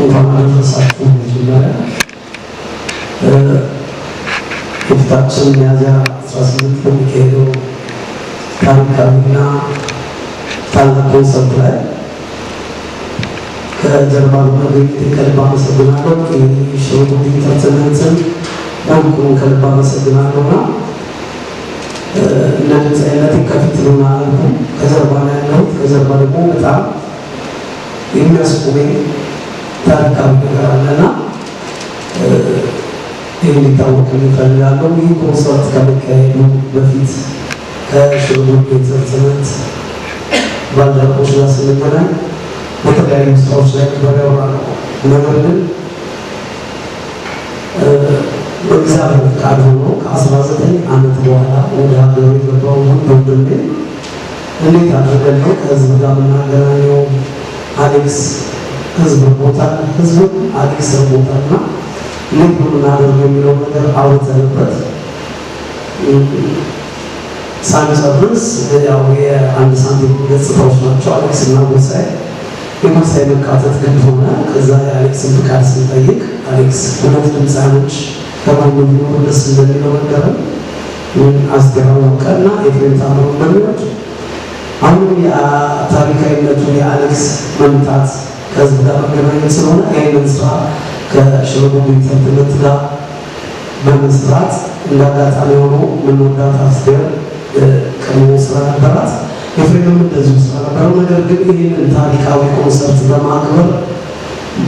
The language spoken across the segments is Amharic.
እንኳን ተሳትፎ መጀመሪያ የፊታችን ሚያዝያ 18 በሚካሄደው ታሪካዊና ታላቅ ኮንሰርት ላይ ከጀርባ በመገኘት ከልብ አመሰግናለሁ። ሸቱ ኢንተርቴንመንትን በሁሉም ከልብ አመሰግናለሁ እና እነ ድምፅ አይነት ከፊት ሆና ከጀርባ ነው ያለሁት። ከጀርባ ደግሞ በጣም የሚያስቁመኝ ታሪካዊ ነገር አለና እንዲታወቅ እንፈልጋለን። ይህ ኮንሰርት ከመካሄዱ በፊት ከሽርጉድ ቤተሰብ ባልደረቦች ጋር ስንገናኝ በተለያዩ ስራዎች ላይ ነበር ያወራነው። ነገር ግን በእግዚአብሔር ቃል ሆኖ ከአስራ ዘጠኝ ዓመት በኋላ ወደ ሀገሩ የገባው ወንድሜ እንዴት አድርገን ከህዝብ ጋር የምናገናኘው አሌክስ ህዝብ ቦታል፣ ህዝብ አዲስ ሰው ቦታልና እንዴት ነው የሚለው ነገር አውርተንበት ሳንጨርስ ያው የአንድ ሳንቲም ገጽታዎች ናቸው አሌክስ እና ጎሳዬ። የጎሳዬ መካተት ግድ ሆነ። ከዛ የአሌክስን ፍቃድ ስንጠይቅ አሌክስ ሁለት ድምፃኖች ከማን ቢኖሩ ደስ እንደሚለው ነገርን አስገራው ቀና የፍሬም ታምሮ እንደሚወድ አሁንም ታሪካዊነቱን የአሌክስ መምጣት ከህዝብ ጋር መገናኘት ስለሆነ ይህንን ስራ ከሽረቡ ቤተ ትምህርት ጋር በመስራት እንዳጋጣሚ አጋጣሚ ሆኖ ምንወዳት አስገር ቀድሞ ስራ ነበራት። የፍሬም እንደዚሁ ስራ ነበረው። ነገር ግን ይህንን ታሪካዊ ኮንሰርት ለማክበር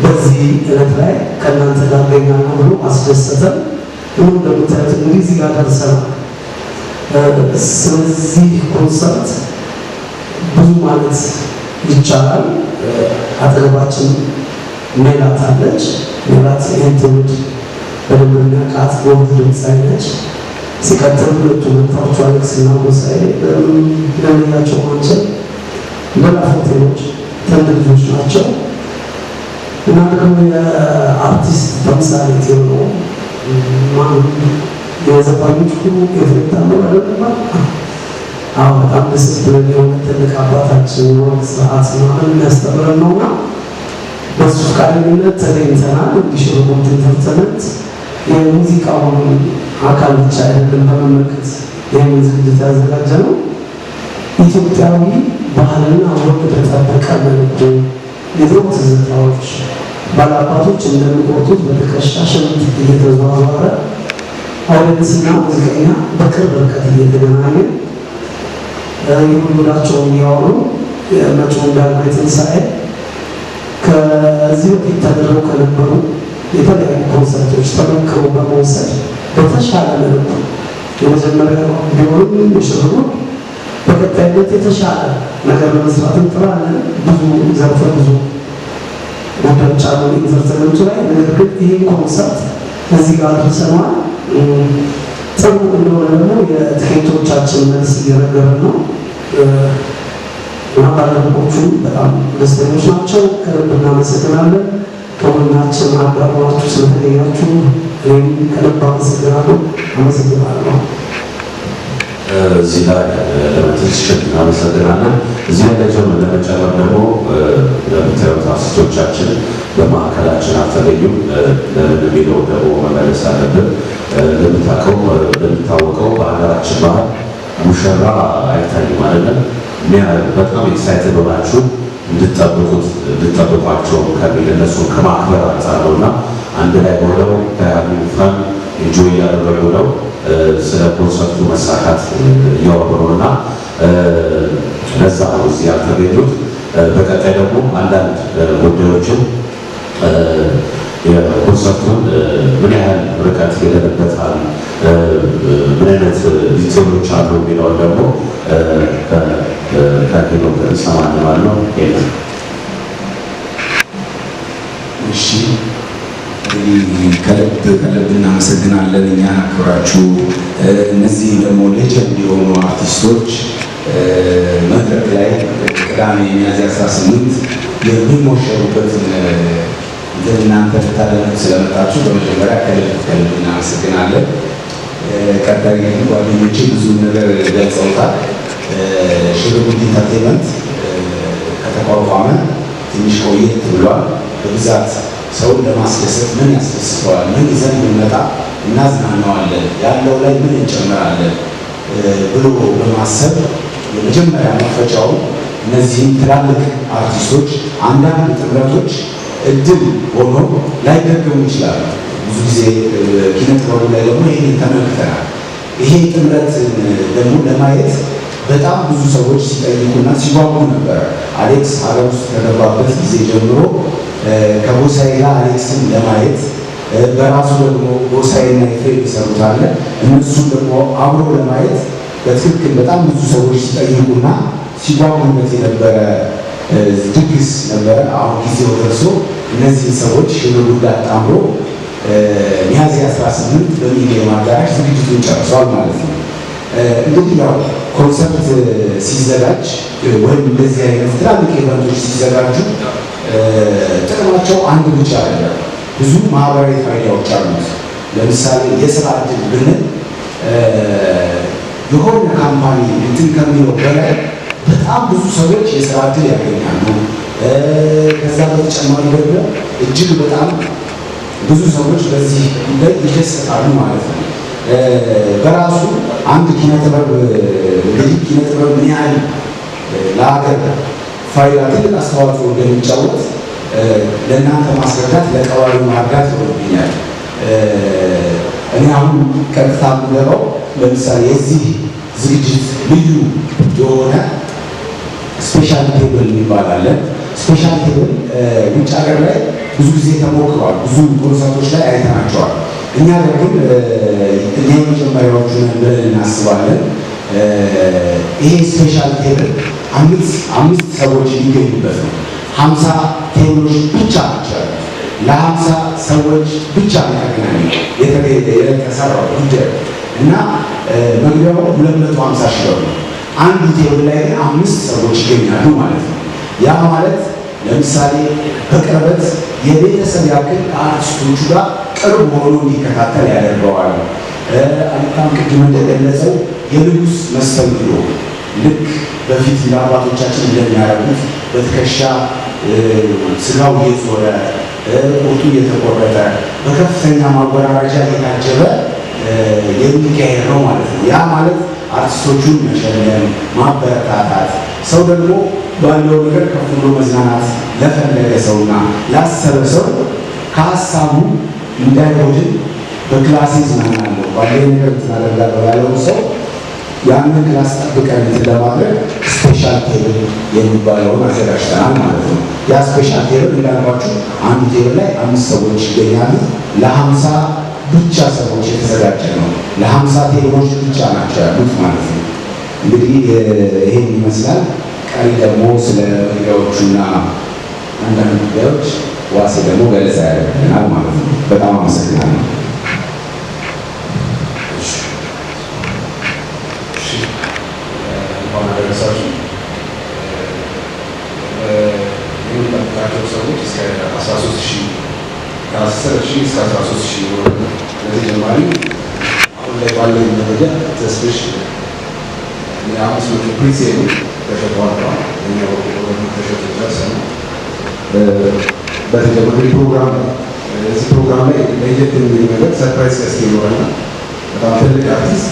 በዚህ እለት ላይ ከእናንተ ጋር ነው ብሎ አስደሰተን። ሁሉም እንደምታዩት እንግዲህ እዚህ ጋር ደርሰናል። ስለዚህ ኮንሰርት ብዙ ማለት ይቻላል። አጠገባችን ሜላት አለች። ሜላት ይህን ትውልድ በደንብ የሚያውቃት ጎበዝ ድምፃዊ ነች። ሲቀጥል ሁለቱ መታዎቹ መጥፋዎቹ እና ጎሳይ ለሌላቸው ማንችል ለላፎቴሎች ተንድ ናቸው እና ደግሞ የአርቲስት ተምሳሌት የሆነ ማን የዘፋኞች ሁሉ የፍሬታ ነው ያደርግባል አሁን በጣም ደስ ብለን የሆነ ትልቅ አባታችን ነው ስርዓት ምናምን የሚያስተምረን ነው እና በሱ ፈቃደኝነት ተገኝተናል። እንዲሽሩቁም የሙዚቃውን አካል ብቻ አይደለም በመመልከት ይህንን ዝግጅት ያዘጋጀ ነው። ኢትዮጵያዊ ባህልና ወግ በጠበቀ መልኩ የድሮ ትዝታዎች ባላባቶች እንደሚቆርጡት በትከሻ ሸምት እየተዘዋወረ አውደንስና ሙዚቀኛ በቅርብ ርቀት እየተገናኘ ይሁንላቸው የሚያወሩ የእምነቱ እንዳሉ የትንሣኤ ከዚህ በፊት ተደረው ከነበሩ የተለያዩ ኮንሰርቶች ተመክሮ በመውሰድ በተሻለ መልኩ የመጀመሪያ ቢሆንም የሽሩ በቀጣይነት የተሻለ ነገር ለመስራት እንጥራለን። ብዙ ዘርፈ ብዙ ጉዳዮች አሉ ዘርዘገምች ላይ ነገር ግን ይህ ኮንሰርት እዚህ ጋር ተሰማል። ጥሩ እንደሆነ ነው። የትኬቶቻችን መልስ እየነገሩ ነው። ማባለቦቹ በጣም ደስተኞች ናቸው። ከልብ እናመሰግናለን። ከጎናችን አዳሯችሁ ስለተገኛችሁ ወይም ከልብ አመሰግናለሁ። አመሰግናለሁ። እዚህ ላይ ለመትንስሽን እናመሰግናለን። እዚህ ላይ ለጀም ለመጨመር ደግሞ ለምትረት አስቶቻችን በማዕከላችን አልተገኙም። ለምን የሚለው ደግሞ መመለስ አለብን። እንደምታውቀው እንደሚታወቀው በሀገራችን ባህል ሙሽራ አይታይም አይደለም። በጣም ኤክሳይትድ ሆናችሁ እንድጠብቁት እንድጠብቋቸው ከሚል እነሱን ከማክበር አንጻር ነው እና አንድ ላይ ሆነው በያሉ ፈን ኢንጆይ እያደረጉ ነው። ስለ ኮንሰርቱ መሳካት እያወሩ ነው እና ለዛ ነው እዚህ ያልተገኙት። በቀጣይ ደግሞ አንዳንድ ጉዳዮችን የኮንሰርቱን ምን ያህል ርቀት ሄደንበታል፣ ምን አይነት ዲቴሎች አሉ የሚለውን ደግሞ ከሄሎ ሰማን ማለት ነው። የለም እሺ፣ ከልብ ከልብ እናመሰግናለን። እኛ ክብራችሁ እነዚህ ደግሞ ሌጀንድ የሆኑ አርቲስቶች መድረክ ላይ ቅዳሜ ሚያዝያ 18 የሚሞሸሩበት እናንተ ልታደምጡ ስለመጣችሁ በመጀመሪያ ከልብ ከልብ እናመሰግናለን። ቀጣይ ጓደኞች ብዙ ነገር ገልጸውታል። ሽርጉድ ኢንተርቴመንት ከተቋቋመ ትንሽ ቆየት ብሏል። በብዛት ሰውን ለማስደሰት ምን ያስደስተዋል፣ ምን ይዘን ብንመጣ እናዝናናዋለን፣ ያለው ላይ ምን እንጨምራለን ብሎ በማሰብ የመጀመሪያ መክፈቻውን እነዚህም ትላልቅ አርቲስቶች አንዳንድ ጥምረቶች እድል ሆኖ ላይደገሙ ይችላሉ። ብዙ ጊዜ ኪነ ላይ ደግሞ ይህን ተመልክተናል። ይሄ ጥምረት ደግሞ ለማየት በጣም ብዙ ሰዎች ሲጠይቁና ሲጓጉ ነበር። አሌክስ ዓለም ውስጥ ከገባበት ጊዜ ጀምሮ ከጎሳዬ ጋር አሌክስን ለማየት በራሱ ደግሞ ጎሳዬና ኤፍሬም ይሰሩት አለ እነሱን ደግሞ አብሮ ለማየት በትክክል በጣም ብዙ ሰዎች ሲጠይቁና ሲጓጉበት የነበረ ድግስ ነበረ። አሁን ጊዜው ደርሶ እነዚህን ሰዎች ሽብርጉድ አጣምሮ ሚያዝያ 18 በሚሊኒየም አዳራሽ ዝግጅቱን ጨርሷል ማለት ነው። እንግዲህ ያው ኮንሰርት ሲዘጋጅ ወይም እንደዚህ አይነት ትላልቅ ኤቨንቶች ሲዘጋጁ ጥቅማቸው አንድ ብቻ አለ። ብዙ ማህበራዊ ፋይዳዎች አሉት። ለምሳሌ የስራ እድል ብንል የሆነ ካምፓኒ እንትን ከሚለው በላይ በጣም ብዙ ሰዎች የስራ እድል ያገኛሉ። ከዛ በተጨማሪ ደግሞ እጅግ በጣም ብዙ ሰዎች በዚህ ላይ ይደሰታሉ ማለት ነው። በራሱ አንድ ኪነጥበብ ጥበብ እንግዲህ ምን ያህል ለሀገር ፋይዳ ትልቅ አስተዋጽኦ እንደሚጫወት ለእናንተ ማስረዳት ለቀባቢ ማርጋት ይሆንብኛል። እኔ አሁን ቀጥታ የምገባው ለምሳሌ የዚህ ዝግጅት ልዩ የሆነ ስፔሻል ቴብል የሚባል ስፔሻል ቴብል ውጭ ሀገር ላይ ብዙ ጊዜ ተሞክሯል፣ ብዙ ኮንሰርቶች ላይ አይተናቸዋል። እኛ ሀገር ግን የመጀመሪያዎቹ ብለን እናስባለን። ይሄ ስፔሻል ቴብል አምስት ሰዎች የሚገኙበት ነው። ሀምሳ ቴብሎች ብቻ ናቸው። ለሀምሳ ሰዎች ብቻ ሚያገናኝ የተሰራው ጉዳይ እና መግቢያው ሁለት መቶ ሀምሳ ሺህ ነው አንድ ቴብል ላይ ግን አምስት ሰዎች ይገኛሉ ማለት ነው። ያ ማለት ለምሳሌ በቅርበት የቤተሰብ ያክል ከአርቲስቶቹ ጋር ቅርብ ሆኖ እንዲከታተል ያደርገዋል። አሊታም ቅድም እንደገለጸው የንጉሥ መስተንግዶ ልክ በፊት ለአባቶቻችን እንደሚያደርጉት በትከሻ ስጋው እየዞረ ቁርጡ እየተቆረጠ በከፍተኛ ማጎራረጃ የታጀበ የሚካሄድ ነው ማለት ነው። ያ ማለት አርቲስቶቹን መሸለም፣ ማበረታታት ሰው ደግሞ ባለው ነገር ከፍ ብሎ መዝናናት ለፈለገ ሰውና ላሰበ ሰው ከሀሳቡ እንዳይሆድን በክላሴ ዝናናለሁ ባለ ነገር ትናደርጋለ ያለው ሰው ያንን ክላስ ጠብቀን ለማድረግ ስፔሻል ቴብል የሚባለውን አዘጋጅተናል ማለት ነው። ያ ስፔሻል ቴብል እንዳልኳችሁ አንድ ቴብል ላይ አምስት ሰዎች ይገኛሉ ለሀምሳ ብቻ ሰዎች የተዘጋጀ ነው። ለሀምሳ ቴቦች ብቻ ናቸው ያሉት ማለት ነው። እንግዲህ ይሄን ይመስላል። ቀሪ ደግሞ ስለ ጉዳዮቹና አንዳንድ ጉዳዮች ዋሴ ደግሞ ገለጻ ያደርግልናል ማለት ነው። በጣም አመሰግናለሁ። ሰዎች እስከ 13 ሺህ ከ10 ሺህ እስከ 13 ሺህ ሬጅስትሬሽን የአምስት መቶ ፕሪሴሉ ተሸጧል። ተሸጡደርሰነ በተጨማሪ ፕሮግራም እዚህ ፕሮግራም ላይ ለየት የሚል ነገር ሰርፕራይዝ ቀስ ይኖረና በጣም ትልቅ አርቲስት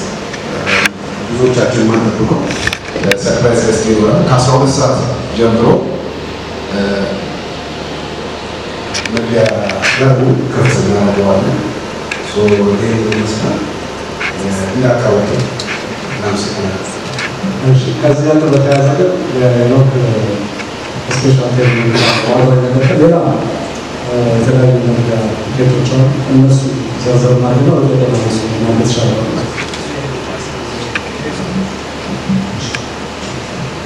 ብዙዎቻችን ማንጠብቀው ሰርፕራይዝ ቀስ ይኖራል። ከአስራ ሁለት ሰዓት ጀምሮ መግቢያ ክለቡ ክፍት እናደርገዋለን። ይህ ይመስላል። እንዳካወጡ እናመሰግናለን። ከዚህ ያለ በተያያዘ ግን የኖክ ስፔሻል ሌላ የተለያዩ መረጃ ጌቶች እነሱ ዘርዘር ማለት ነው ወደ ደመሱ ማለት ይቻላል።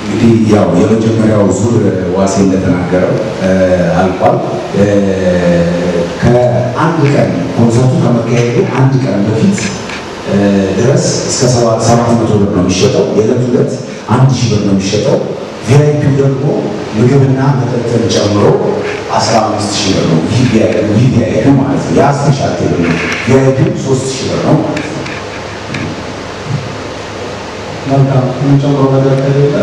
እንግዲህ ያው የመጀመሪያው ዙር ዋሴ እንደተናገረው አልቋል። ከአንድ ቀን ኮንሰርቱ ከመካሄዱ አንድ ቀን በፊት ድረስ እስከ ሰባት መቶ ብር ነው የሚሸጠው። የዕለት ሁለት አንድ ሺህ ብር ነው የሚሸጠው። ቪአይፒ ደግሞ ምግብና መጠጥን ጨምሮ አስራ አምስት ሺህ ብር ነው። ይህ ቪአይፒ ማለት ነው። ያ ቴብል ነው። ቪአይፒ ሶስት ሺህ ብር ነው። መልካም የምንጨምረው ነገር ከሌለ